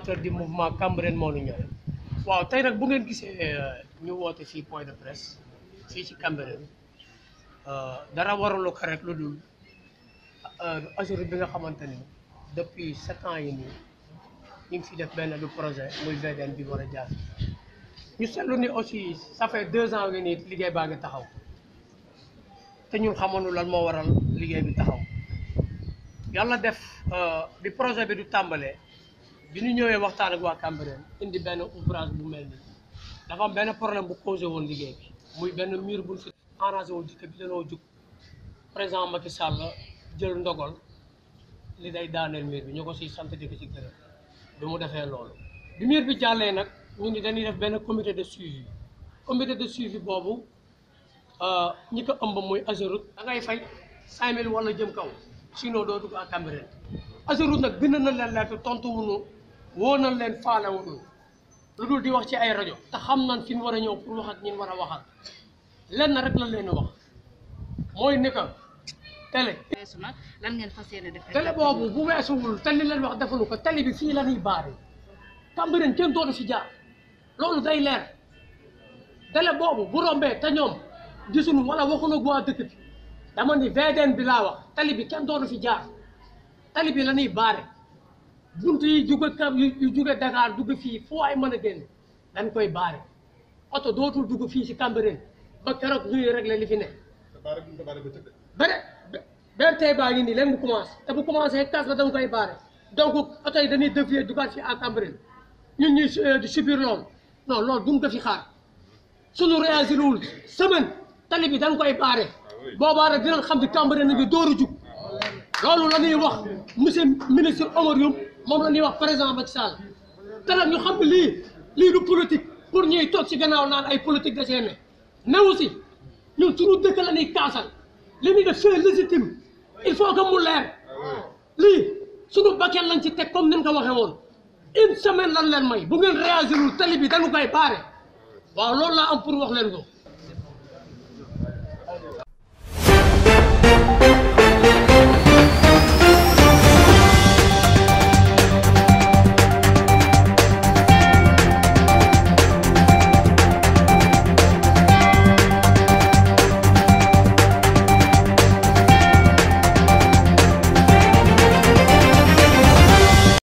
coordonnateur du mouvement Cambérène moo nu ñor waaw tay nak bu ngeen gisee eh, ñu woote ci point de presse fii ci euh dara waralu ko rek lu dul eh, assur bi nga xamanteni depuis 7 ans yi ni ñu fi def ben du projet muy VDN bi wara jaar ñu sellu ni aussi ça fait 2 ans ngi ni liguey baa taxaw té ñun xamanu lan mo waral liguey bi taxaw yalla def bi projet bi du tambalé bi ñu ñëwee waxtaan ak waa Cambérène indi benn ouvrage bu mel nii dafa am benn problème bu causé woon liggéey bi muy benn mur bu ñu fi arrangé woon dëkk bi dañoo jug président Macky Sall jël ndogal li day daaneel mur bi ñu ko si sant di ko ci gërëm bi mu defee loolu. bi mur bi jàllee nag ñu ni dañuy def benn comité de suivi comité de suivi boobu euh, ñi ko ëmb muy Ageroute da ngay fay 5000 walla jëm kaw sinon doo dugg ak Cambérène Ageroute nag bind na leen lettre tontu wóor nañ leen faale wuñu di wax ci ay rajo te xam nañ fi ñu war a ñëw pour wax ak war a waxal lenn rek lañ leen wax mooy ni que télé. weesu nag lan ngeen yéene def. télé boobu bu weesuwul te li leen wax defuñu ko télé bi fii la ñuy baaree Cambérène kenn dootu fi jaar loolu day leer tele boobu bu rombee te ñoom sunu wala waxuñu ak waa dëkk bi dama ni VDN bi laa wax télé bi kenn dootu fi jaar télé bi la ñuy baaree. bunt yi jóge kam yu jóge Dakar dugg fii foo ay man a génn dañ koy baare oto dootul dugg fii si Cambérène ba keroog ñuy réglé li fi ne. bare benn tey baa ngi nii léegi mu commencé te bu commencé tas ba danga koy baare donc oto yi dañuy dévier dugaat fii à Cambérène ñun ñuy euh, di subir loolu non loolu duñ ko fi xaar suñu réagirul semaine ta bi dañ koy baare ah boo baare dinañ xam ne Cambérène bi dooru jug loolu la ñuy wax monsieur ministre Omar moom la ñuy wax président Macky Sall te nag ñu xam ne lii lii du politique pour ñuy toog ci gannaaw naan ay politique da cee ne newu si ñun suñu dëkk la ñuy kaasal li ñuy def c'est légitime il faut que mu leer lii suñu bakkeel lañ ci teg comme ni nga ko waxee woon une lan leen may bu ngeen réagirul tali bi dañu koy baare waaw loolu laa am pour wax leen ko